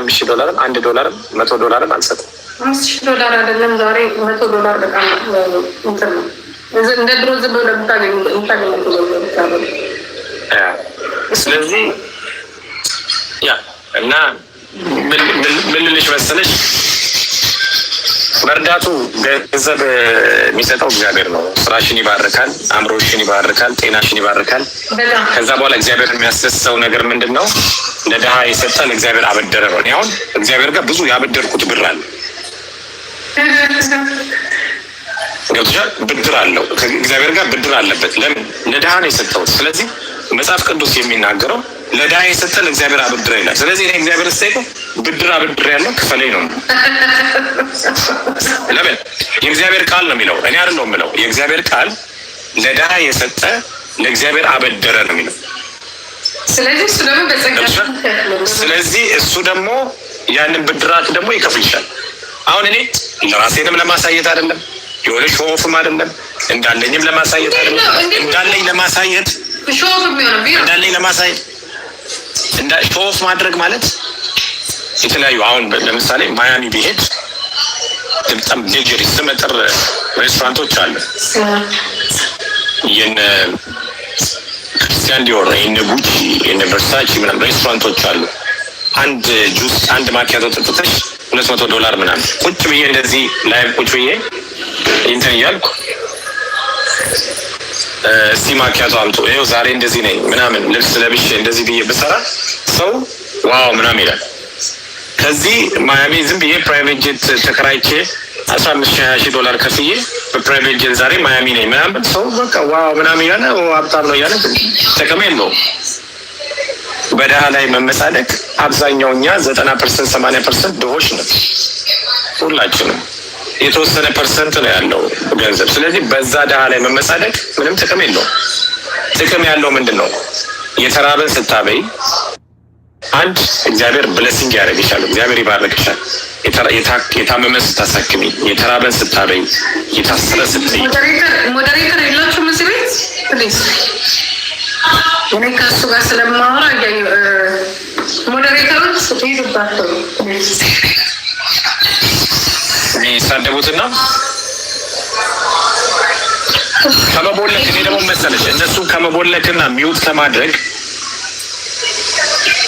አምስት ሺህ ዶላርም አንድ ዶላርም መቶ ዶላርም አልሰጥም። አምስት ሺህ ዶላር አይደለም ዛሬ መቶ ዶላር በጣም እንደ ድሮ ዝም ብለህ የምታገኘው ስለዚህ ያ እና ምን ልልሽ መሰለሽ መርዳቱ ገንዘብ የሚሰጠው እግዚአብሔር ነው። ስራሽን ይባርካል፣ አእምሮሽን ይባርካል፣ ጤናሽን ይባርካል። ከዛ በኋላ እግዚአብሔር የሚያስደስተው ነገር ምንድን ነው? ድሃ የሰጠ ለእግዚአብሔር አበደረ ነው። አሁን እግዚአብሔር ጋር ብዙ ያበደርኩት ብር አለ፣ ገብቶሻል? ብድር አለው እግዚአብሔር ጋር ብድር አለበት። ለምን? ለድሃ ነው የሰጠሁት። ስለዚህ መጽሐፍ ቅዱስ የሚናገረው ለድሃ የሰጠ ለእግዚአብሔር አበደረ ይላል። ስለዚህ እኔ እግዚአብሔር ስጠይቀው ብድር አብድር ያለው ክፈለኝ ነው። ለምን የእግዚአብሔር ቃል ነው የሚለው፣ እኔ ነው የምለው። የእግዚአብሔር ቃል ለድሃ የሰጠ ለእግዚአብሔር አበደረ ነው የሚለው። ስለዚህ እሱ ደግሞ ያንን ብድራት ደግሞ ይከፍልሻል። አሁን እኔ ራሴንም ለማሳየት አይደለም የሆነ ሾፍም አይደለም እንዳለኝም ለማሳየት አይደለም እንዳለኝ ለማሳየት እንዳለኝ ለማሳየት ሾፍ ማድረግ ማለት የተለያዩ አሁን ለምሳሌ ማያሚ ቢሄድ በጣም ዴንጀሪ ስመጥር ሬስቶራንቶች አሉ። የነ ክርስቲያን ዲዮር፣ የነ ጉቺ፣ የነ ቨርሳቺ ምናምን ሬስቶራንቶች አሉ። አንድ ጁስ አንድ ማኪያቶ ጥጥተሽ ሁለት መቶ ዶላር ምናምን ቁጭ ብዬ እንደዚህ ላይቭ ቁጭ ብዬ እንትን እያልኩ እስቲ ማኪያቶ አምጡ፣ ይኸው ዛሬ እንደዚህ ነኝ ምናምን ልብስ ለብሼ እንደዚህ ብዬ ብሰራ ሰው ዋው ምናምን ይላል። ከዚህ ማያሚ ዝም ብዬ ፕራይቬት ጀት ተከራይቼ አስራ አምስት ሺ ሀያ ሺ ዶላር ከፍዬ በፕራይቬት ጀት ዛሬ ማያሚ ነኝ ምናምን ሰው በቃ ዋው ምናምን እያለ አብጣር ነው እያለ ጥቅም የለውም። በደሃ ላይ መመጻደቅ አብዛኛው እኛ ዘጠና ፐርሰንት ሰማንያ ፐርሰንት ድሆች ነው ሁላችንም። የተወሰነ ፐርሰንት ነው ያለው ገንዘብ። ስለዚህ በዛ ደሃ ላይ መመጻደቅ ምንም ጥቅም የለውም። ጥቅም ያለው ምንድን ነው? የተራበን ስታበይ አንድ እግዚአብሔር ብለሲንግ ያደረግሻል። እግዚአብሔር ይባረክሻል። የታመመን ስታሳክሚ፣ የተራበን ስታበኝ፣ የታሰረ ስትይ ሞዴሬተር የላችሁ እዚህ ቤት ፕሊዝ። እኔ ከእሱ ጋር ስለማወራ ሞዴሬተሮች ይዝባቸው የሚሳደቡትና ከመቦለክ እኔ ደግሞ መሰለሽ እነሱን ከመቦለክና ሚውት ከማድረግ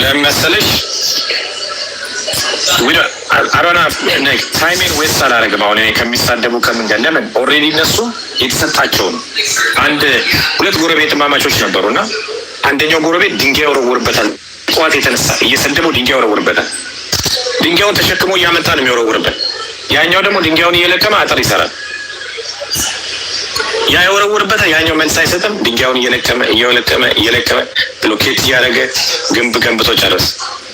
ለምን መሰለሽ አሮና ታይሜን ዌስት አሁን ከሚሳደቡ ለምን ኦልሬዲ እነሱ የተሰጣቸው ነው። አንድ ሁለት ጎረቤት ማማቾች ነበሩ እና አንደኛው ጎረቤት ድንጋይ ወረውርበታል። ጠዋት የተነሳ እየሰደበው ድንጋይ ድንጋዩን ተሸክሞ እያመጣ ነው የሚወረውርበት። ያኛው ደግሞ ድንጋዩን እየለቀመ አጥር ይሰራል። ያ የወረውርበታል፣ ያኛው መልስ አይሰጥም። ድንጋዩን እየለቀመ እየለቀመ እየለቀመ ብሎኬት እያደረገ ግንብ ገንብቶ ጨረስ።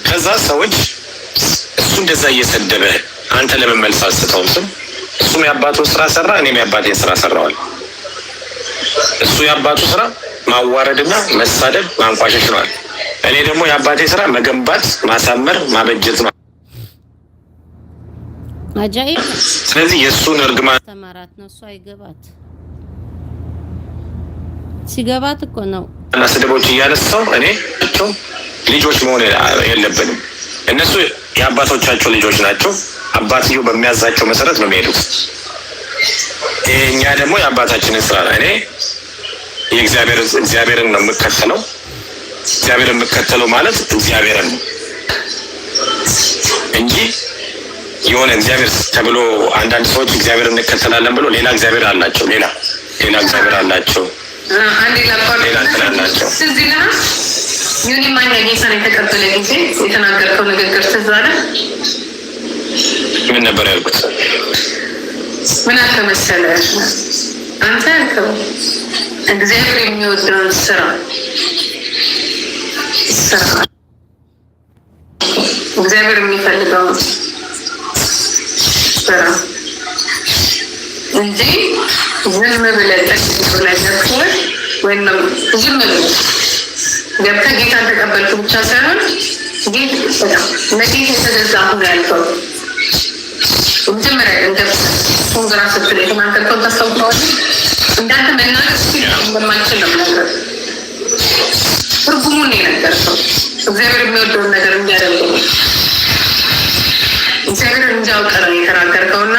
ከዛ ሰዎች እሱ እንደዛ እየሰደበ አንተ ለምን መልስ አልሰጠውም ስል እሱም የአባቱ ስራ ሰራ፣ እኔም የአባቴን ስራ ሰራዋል። እሱ የአባቱ ስራ ማዋረድና መሳደብ ማንቋሸሽ ነዋል። እኔ ደግሞ የአባቴ ስራ መገንባት፣ ማሳመር፣ ማበጀት ነው። ስለዚህ የእሱን እርግማ ተማራት ነው እሱ አይገባት ሲገባት እኮ ነው እና ስድቦች እያነሳው እኔ ቸው ልጆች መሆን የለብንም። እነሱ የአባቶቻቸው ልጆች ናቸው። አባትየው በሚያዛቸው መሰረት ነው የሚሄዱት። እኛ ደግሞ የአባታችንን ስራ እኔ እግዚአብሔርን ነው የምከተለው። እግዚአብሔር የምከተለው ማለት እግዚአብሔርን ነው እንጂ የሆነ እግዚአብሔር ተብሎ አንዳንድ ሰዎች እግዚአብሔር እንከተላለን ብሎ ሌላ እግዚአብሔር አላቸው ሌላ ሌላ እግዚአብሔር አላቸው ሌላ ትላላቸው ዩኒ የተቀበለ ጊዜ የተናገርከው ንግግር ትዝ አለ። ምን ነበር ያልኩት? ምን አልከ መሰለ አንተ ያልከው እግዚአብሔር የሚወደውን ስራ ስራ እግዚአብሔር የሚፈልገውን ስራ እንጂ ዝም ብለህ ጠቅሶ ላይ ገብተህ ወይም ዝም ብለህ ገብተህ ጌታ ተቀበልኩ ብቻ ሳይሆን ለጌታ የተገዛ ሁን ያልከው መጀመሪያ ገብተህ ሱንዝራ ስትል የተናገርከው ታስታውሰዋለህ። እንዳንተ መናገር እንደማልችል ነው ምናገር ትርጉሙን የነገርከው እግዚአብሔር የሚወደውን ነገር እንዲያደርገው እግዚአብሔር እንዲያውቀ ነው የተናገርከውና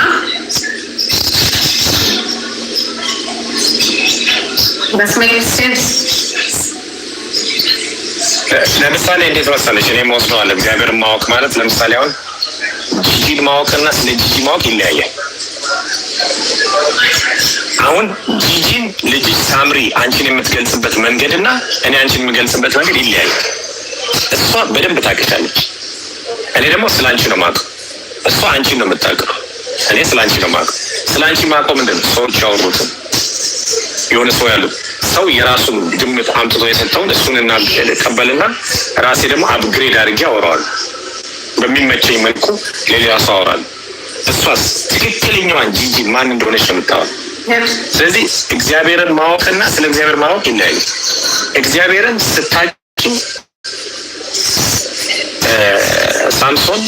ለምሳሌ እንዴት መሰለሽ እኔ ወስደዋል። እግዚአብሔር ማወቅ ማለት ለምሳሌ አሁን ጂጂን ማወቅና ስለ ጂጂ ማወቅ ይለያያል። አሁን ጂጂን ልጅ ሳምሪ አንቺን የምትገልጽበት መንገድ እና እኔ አንቺን የምገልጽበት መንገድ ይለያያል። እሷ በደንብ ታውቅሻለች፣ እኔ ደግሞ ስለ አንቺ ነው የማውቀው። እሷ አንቺን ነው የምታውቀው፣ እኔ ስለ አንቺ ነው የማውቀው። ስለ አንቺ የማውቀው ምንድን ነው ሰዎች ያወሩትን የሆነ ሰው ያለው ሰው የራሱን ግምት አምጥቶ የሰጠውን እሱን እናቀበልና ራሴ ደግሞ አፕግሬድ አድርጌ አወራዋለሁ። በሚመቸኝ መልኩ ለሌላ ሰው አወራለሁ። እሷስ ትክክለኛዋን ጂጂ ማን እንደሆነች ነው የምታወራው። ስለዚህ እግዚአብሔርን ማወቅና ስለ እግዚአብሔር ማወቅ ይለያዩ። እግዚአብሔርን ስታጩ ሳምሶን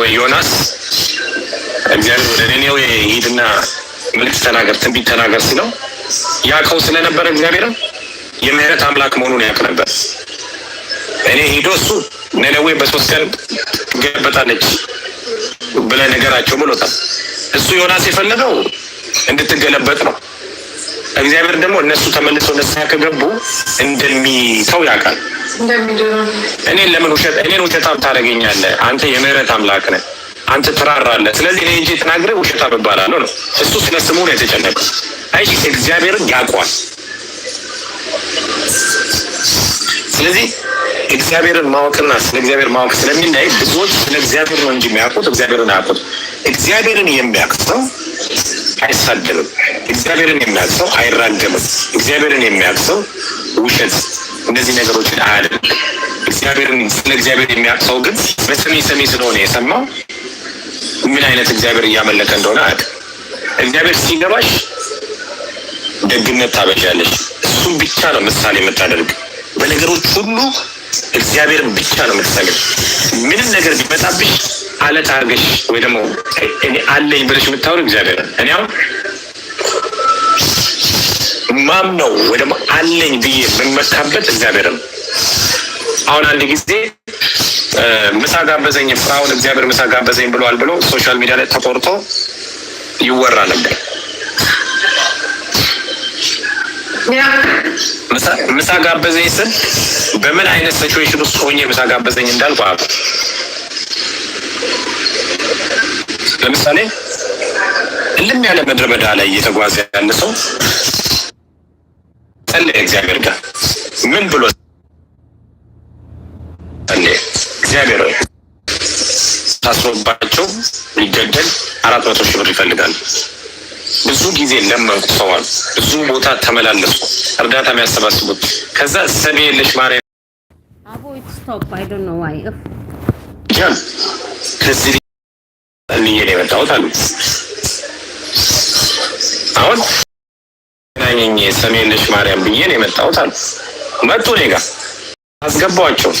ወይ ዮናስ እግዚአብሔር ወደ ኔኔዌ ሂድና ምልክት ተናገር፣ ትንቢት ተናገር ሲለው ያውቀው ስለነበረ እግዚአብሔርም የምህረት አምላክ መሆኑን ያውቅ ነበር። እኔ ሂዶ እሱ ነነዌ በሶስት ቀን ትገለበጣለች ብለ ነገራቸው ብሎታል። እሱ ዮናስ የፈለገው እንድትገለበጥ ነው። እግዚአብሔር ደግሞ እነሱ ተመልሰው ንስሐ ከገቡ እንደሚተው ያውቃል። እኔን ለምን ውሸት እኔን ውሸታም ታደርገኛለህ? አንተ የምህረት አምላክ ነህ አንተ ትራራለህ። ስለዚህ እኔ እንጂ ተናግሬ ውሸታ እባላለሁ ነው። እሱ ስለ ስሙ ነው የተጨነቀ። አይ እግዚአብሔርን ያውቋል። ስለዚህ እግዚአብሔርን ማወቅና ስለ እግዚአብሔር ማወቅ ስለሚለያይ ብዙዎች ስለ እግዚአብሔር ነው እንጂ የሚያውቁት እግዚአብሔርን አያውቁት። እግዚአብሔርን የሚያውቅ ሰው አይሳደብም። እግዚአብሔርን የሚያውቅ ሰው አይራገምም። እግዚአብሔርን የሚያውቅ ሰው ውሸት እነዚህ ነገሮችን አያደርግ። እግዚአብሔርን ስለ እግዚአብሔር የሚያውቅ ሰው ግን በሰሚ ሰሚ ስለሆነ የሰማው ምን አይነት እግዚአብሔር እያመለከ እንደሆነ አያውቅ። እግዚአብሔር ሲገባሽ ደግነት ታበዣለሽ። እሱም ብቻ ነው ምሳሌ የምታደርግ በነገሮች ሁሉ እግዚአብሔር ብቻ ነው የምትሰግድ። ምንም ነገር ቢመጣብሽ አለት አርገሽ ወይ ደግሞ እኔ አለኝ ብለሽ የምታወሩ እግዚአብሔር እኔ አሁን ማም ነው ወይ ደግሞ አለኝ ብዬ የምመካበት እግዚአብሔር ነው። አሁን አንድ ጊዜ ምሳ ጋበዘኝ ፍራውን እግዚአብሔር ምሳ ጋበዘኝ ብሏል ብሎ ሶሻል ሚዲያ ላይ ተቆርጦ ይወራ ነበር። ምሳ ጋበዘኝ ስል በምን አይነት ሲቹዌሽን ውስጥ ሆኜ ምሳ ጋበዘኝ እንዳልኩ አብ ለምሳሌ እልም ያለ ምድረ በዳ ላይ እየተጓዘ ያለ ሰው ጸለየ እግዚአብሔር ጋር ምን ብሎ ደርሶባቸው ሊገደል አራት መቶ ሺህ ብር ይፈልጋል። ብዙ ጊዜ ለመንኩ ሰዋል። ብዙ ቦታ ተመላለሱ እርዳታ የሚያሰባስቡት ከዛ ሰሜ የለሽ ማርያም ከዚህ ልዬ ነው የመጣሁት አሉ። አሁን ናኘኝ ሰሜ የለሽ ማርያም ብዬ ነው የመጣሁት አሉ። መጡ እኔ ጋ አስገባዋቸው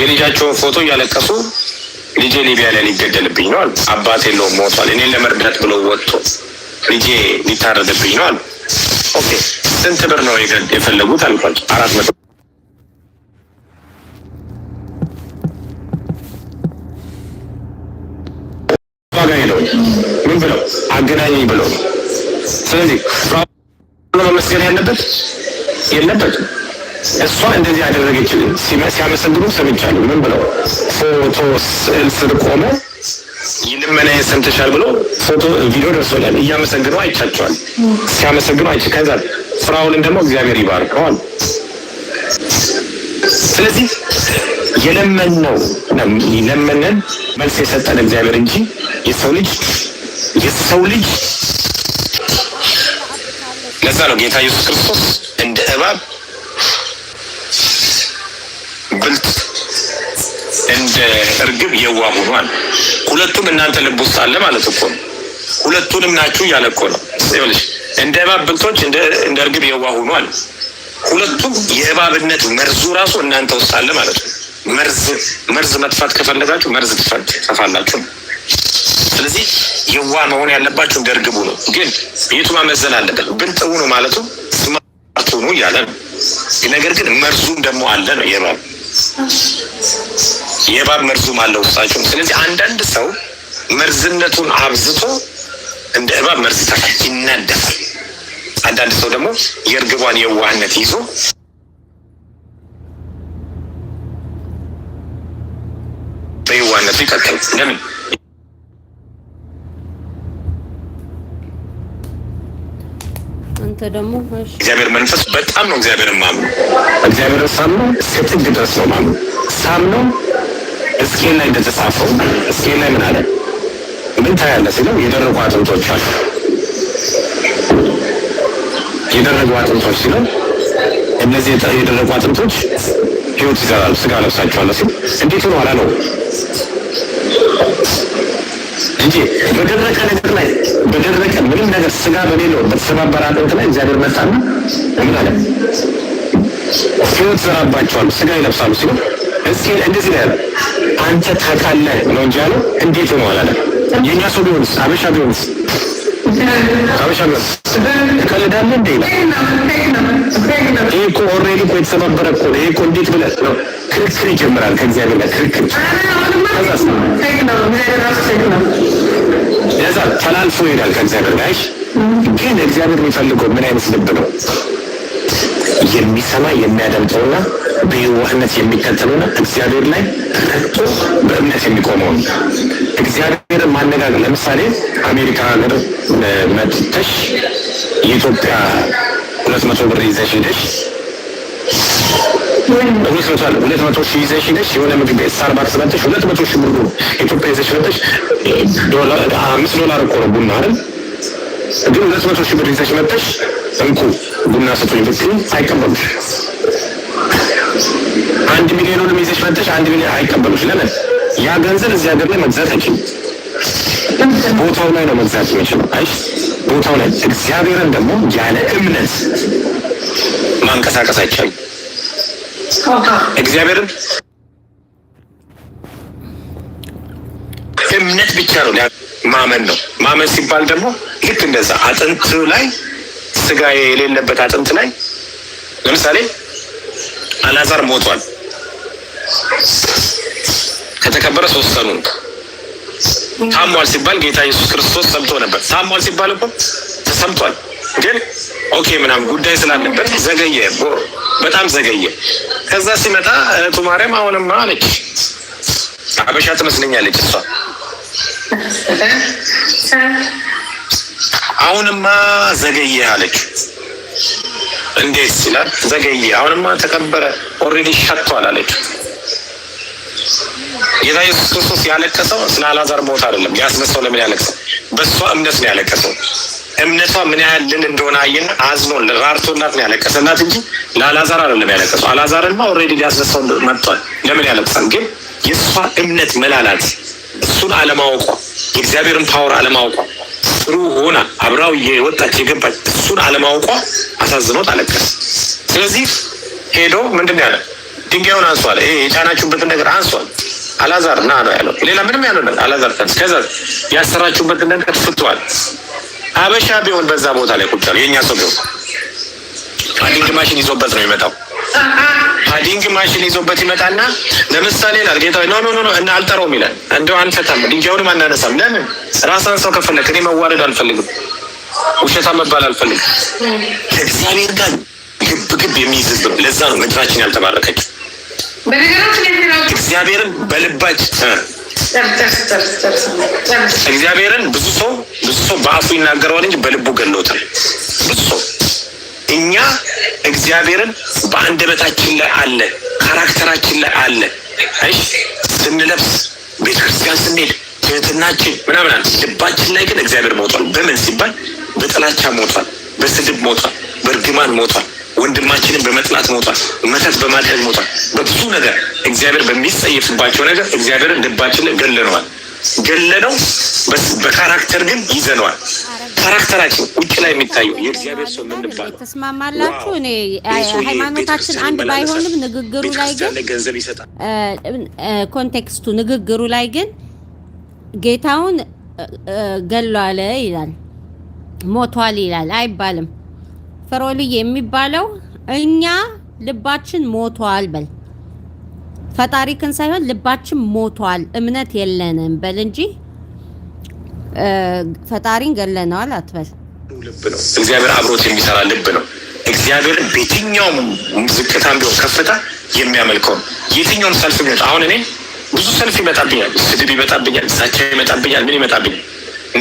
የልጃቸውን ፎቶ እያለቀሱ ልጄ ሊቢያ ላይ ሊገደልብኝ ነው አሉ። አባት የለውም ሞቷል። እኔን ለመርዳት ብለው ወጥቶ ልጄ ሊታረድብኝ ነው አሉ። ኦኬ ስንት ብር ነው የፈለጉት አልኳቸው። አራት መቶ ምን ብለው አገናኘኝ ብለው ስለዚህ መስገን ያለበት የለበትም እሷ እንደዚህ ያደረገችልን ሲያመሰግኑ ሰምቻለሁ። ምን ብለው ፎቶ ስዕል ስር ቆመ ይልመናዬን ሰምተሻል ብሎ ፎቶ ቪዲዮ ደርሶላል። እያመሰግኑ አይቻቸዋል። ሲያመሰግኑ አይ ከዛ ፍራውልን ደግሞ እግዚአብሔር ይባርከዋል። ስለዚህ የለመን ነው ለመነን መልስ የሰጠን እግዚአብሔር እንጂ የሰው ልጅ የሰው ልጅ ለዛ ነው ጌታ ኢየሱስ ክርስቶስ ብልት እንደ እርግብ የዋ ሆኗል። ሁለቱም እናንተ ልብ ውስጥ አለ ማለት እኮ ነው። ሁለቱንም ናችሁ እያለ እኮ ነው። ይኸውልሽ እንደ እባብ ብልቶች እንደ እርግብ የዋ ሆኗል። ሁለቱም የእባብነት መርዙ ራሱ እናንተ ውስጥ አለ ማለት ነው። መርዝ መርዝ መጥፋት ከፈለጋችሁ መርዝ ነው። ስለዚህ የዋ መሆን ያለባችሁ እንደ እርግቡ ነው። ግን ቤቱ ማመዘን አለበት። ብልጥ ሁኑ ማለቱ ስማርት ሁኑ እያለ ነው። ነገር ግን መርዙም ደግሞ አለ ነው የእባብ የእባብ መርዙም አለው ውስጣቸው። ስለዚህ አንዳንድ ሰው መርዝነቱን አብዝቶ እንደ እባብ መርዝ ይተፋል፣ ይናደፋል። አንዳንድ ሰው ደግሞ የእርግቧን የዋህነት ይዞ በየዋህነቱ ይቀጥላል። ለምን አንተ ደግሞ እግዚአብሔር መንፈስ በጣም ነው። እግዚአብሔር ማምኑ እግዚአብሔር ሳምኑ እስከ ጥግ ድረስ ነው ማምኑ ሳምነው እስኬን ላይ እንደተጻፈው እስኬን ላይ ምን አለ ምን ታያለ ሲለው የደረቁ አጥንቶች አሉ የደረቁ አጥንቶች ሲለው እነዚህ የደረቁ አጥንቶች ህይወት ይዘራሉ፣ ስጋ ለብሳቸዋለሁ ሲል እንዴት ነው አላለው እንጂ በደረቀ ነገር ላይ በደረቀ ምንም ነገር ስጋ በሌለው በተሰባበረ አጥንት ላይ እግዚአብሔር መጣና ምን አለ? ሕይወት ዘራባቸዋል፣ ስጋ ይለብሳሉ ሲሉ እስኪ እንደዚህ ነው ያለ። አንተ ታውቃለህ ነው እንጂ ያለው እንዴት ነው አላለ። የእኛ ሰው ቢሆንስ አበሻ ቢሆንስ አበሻ ቢሆንስ ትቀልዳለህ እንደ ይላል። ይህ እኮ ኦልሬዲ እኮ የተሰባበረ እኮ ይህ እኮ እንዴት ብለህ ነው ክርክር ይጀምራል ከእግዚአብሔር ጋር ክርክር ከዛ ተላልፎ ይሄዳል ከእግዚአብሔር ጋር። ግን እግዚአብሔር የሚፈልገው ምን አይነት ልብ ነው? የሚሰማ የሚያደምጠውና በየዋህነት የሚከተለውና እግዚአብሔር ላይ ረግጦ በእምነት የሚቆመውን እግዚአብሔር ማነጋገር። ለምሳሌ አሜሪካ ሀገር መጥተሽ የኢትዮጵያ ሁለት መቶ ብር ይዘሽ ሄደሽ ሁለት ሁለት መቶ ሺህ ይዘሽ ሄደሽ የሆነ ምግብ ቤት ስታርባክስ በልተሽ ሁለት መቶ ሺህ ብር ኢትዮጵያ ይዘሽ በልተሽ አምስት ዶላር እኮ ነው ቡና አይደል? ግን ሁለት መቶ ሺህ ብር ይዘሽ መጥተሽ እንኩ ቡና ስጡኝ ብትይ አይቀበሉሽ። አንድ ሚሊዮኑንም ይዘሽ መጥተሽ አንድ ሚሊዮን አይቀበሉሽ። ለምን? ያ ገንዘብ እዚህ ሀገር ላይ መግዛት አይችልም። ቦታው ላይ ነው መግዛት የሚችለው። አይ ቦታው ላይ እግዚአብሔርን ደግሞ ያለ እምነት ማንቀሳቀስ አይቻልም። እግዚአብሔርን እምነት ብቻ ነው ማመን ነው። ማመን ሲባል ደግሞ ልክ እንደዛ አጥንት ላይ ስጋ የሌለበት አጥንት ላይ ለምሳሌ አላዛር ሞቷል። ከተከበረ ሶስት ቀኑ ታሟል ሲባል ጌታ ኢየሱስ ክርስቶስ ሰምቶ ነበር። ታሟል ሲባል እኮ ተሰምቷል። ግን ኦኬ ምናምን ጉዳይ ስላለበት ዘገየ፣ በጣም ዘገየ። ከዛ ሲመጣ እህቱ ማርያም አሁንማ አለች፣ አበሻ ትመስለኛለች እሷ አሁንማ ዘገየ አለች እንዴት ሲላል ዘገየ፣ አሁንማ ተቀበረ፣ ኦሬዲ ሸቷል አለች። ጌታ ኢየሱስ ክርስቶስ ያለቀሰው ስለ አላዛር ሞት አይደለም። ያስነሳው ለምን ያለቅሰው? በእሷ እምነት ነው ያለቀሰው። እምነቷ ምን ያህል ልል እንደሆነ አየን። አዝኖን ራርቶናት ነው ያለቀሰላት እንጂ ለአላዛር አይደለም ያለቀሰው። አላዛርማ ኦልሬዲ ሊያስነሳው መጥቷል። ለምን ያለቅሳል? ግን የእሷ እምነት መላላት፣ እሱን አለማወቋ፣ የእግዚአብሔርን ፓወር አለማወቋ፣ ጥሩ ሆና አብራው የወጣች የገባች እሱን አለማወቋ አሳዝኖት አለቀስ። ስለዚህ ሄዶ ምንድን ያለ ድንጋዩን አንሷል፣ የጫናችሁበትን ነገር አንሷል አላዛር ና ነው ያለው። ሌላ ምንም ያለ አላዛር ከዛ ያሰራችሁበትን ነገር ፍቷል። አበሻ ቢሆን በዛ ቦታ ላይ ቁጭ የእኛ ሰው ቢሆን ፓዲንግ ማሽን ይዞበት ነው ይመጣው። ፓዲንግ ማሽን ይዞበት ይመጣና ለምሳሌ ላል ጌታ ኖ ኖ ኖ እና አልጠረውም ይላል። እንደው አንፈታም፣ ድንጋዩንም አናነሳም። ለምን ራሳን ሰው ከፈለክ እኔ መዋረድ አልፈልግም፣ ውሸታ መባል አልፈልግም። ከእግዚአብሔር ጋር ግብ ግብ የሚይዝ ህዝብ። ለዛ ነው ምድራችን ያልተባረከችው እግዚአብሔርን በልባች እግዚአብሔርን ብዙ ሰው ብዙ ሰው በአፉ ይናገረዋል እንጂ በልቡ ገለውታል ብዙ ሰው እኛ እግዚአብሔርን በአንደበታችን ላይ አለ፣ ካራክተራችን ላይ አለ። እሺ ስንለብስ፣ ቤተክርስቲያን ስንሄድ፣ ትህትናችን ምናምን፣ ልባችን ላይ ግን እግዚአብሔር ሞቷል። በምን ሲባል በጥላቻ ሞቷል፣ በስድብ ሞቷል፣ በእርግማን ሞቷል። ወንድማችንን በመጥላት መውጣት፣ መተት በማድረግ መውጣት፣ በብዙ ነገር እግዚአብሔር በሚጸየፍባቸው ነገር እግዚአብሔርን ልባችን ገለነዋል። ገለነው በካራክተር ግን ይዘነዋል። ካራክተራችን ውጭ ላይ የሚታየው የእግዚአብሔር ሰው ምንባለ ተስማማላችሁ። እኔ ሃይማኖታችን አንድ ባይሆንም ንግግሩ ላይ ግን ገንዘብ ይሰጣል። ኮንቴክስቱ ንግግሩ ላይ ግን ጌታውን ገሏለ ይላል ሞቷል ይላል አይባልም። ፈሮሊ የሚባለው እኛ ልባችን ሞቷል በል ፈጣሪክን ሳይሆን ልባችን ሞቷል፣ እምነት የለንም በል እንጂ ፈጣሪን ገለነዋል አትበል። እግዚአብሔር አብሮት የሚሰራ ልብ ነው። እግዚአብሔር በየትኛውም ዝቅታም ቢሆን ከፍታ የሚያመልከው የትኛውም ሰልፍ ቢሆን አሁን እኔ ብዙ ሰልፍ ይመጣብኛል፣ ስድብ ይመጣብኛል፣ ዛቻ ይመጣብኛል፣ ምን ይመጣብኛል፣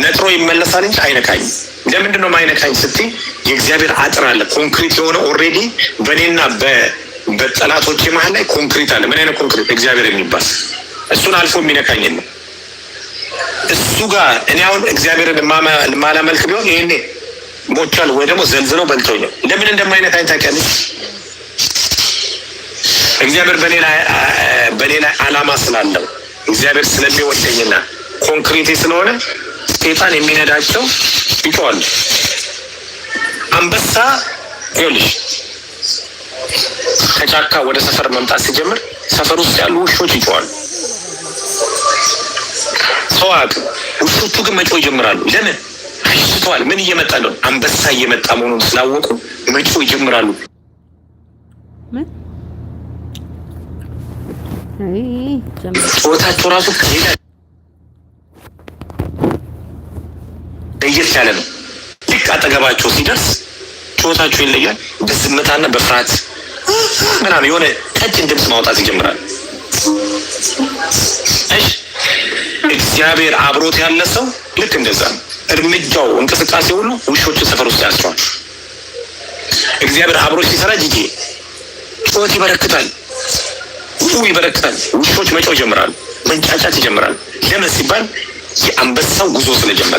ነጥሮ ይመለሳል እንጂ አይነካኝም። ለምንድን ነው ማይነካኝ ስትይ የእግዚአብሔር አጥር አለ። ኮንክሪት የሆነ ኦልሬዲ በእኔና በጠላቶች መሀል ላይ ኮንክሪት አለ። ምን አይነት ኮንክሪት? እግዚአብሔር የሚባል እሱን አልፎ የሚነካኝ ነው። እሱ ጋር እኔ አሁን እግዚአብሔርን ማላመልክ ቢሆን ይህኔ ሞቻል ወይ ደግሞ ዘልዝለው በልተውኛል። ለምን እንደማይነካኝ ታውቂያለሽ? እግዚአብሔር ላይ አላማ ስላለው እግዚአብሔር ስለሚወደኝና ኮንክሪቴ ስለሆነ ሴጣን የሚነዳቸው ይጮዋሉ። አንበሳ ይኸውልሽ ከጫካ ወደ ሰፈር መምጣት ሲጀምር ሰፈር ውስጥ ያሉ ውሾች ይጮዋሉ። ሰው አያውቅም። ውሾቹ ግን መጮ ይጀምራሉ። ለምን አሽስተዋል። ምን እየመጣ ነው? አንበሳ እየመጣ መሆኑን ስላወቁ መጮ ይጀምራሉ። ምን ጾታቸው ራሱ ከሄዳ ለየት ያለ ነው። ልክ አጠገባቸው ሲደርስ ጩኸታቸው ይለያል። በዝምታና በፍርሃት ምናምን የሆነ ቀጭን ድምፅ ማውጣት ይጀምራል። እሺ እግዚአብሔር አብሮት ያለ ሰው ልክ እንደዛ ነው። እርምጃው፣ እንቅስቃሴ ሁሉ ውሾችን ሰፈር ውስጥ ያስቸዋል። እግዚአብሔር አብሮች ሲሰራ ጂጂ ጩኸት ይበረክታል፣ ይበረክታል። ውሾች መጮህ ይጀምራሉ፣ መንጫጫት ይጀምራል። ለምን ሲባል የአንበሳው ጉዞ ስለጀመረ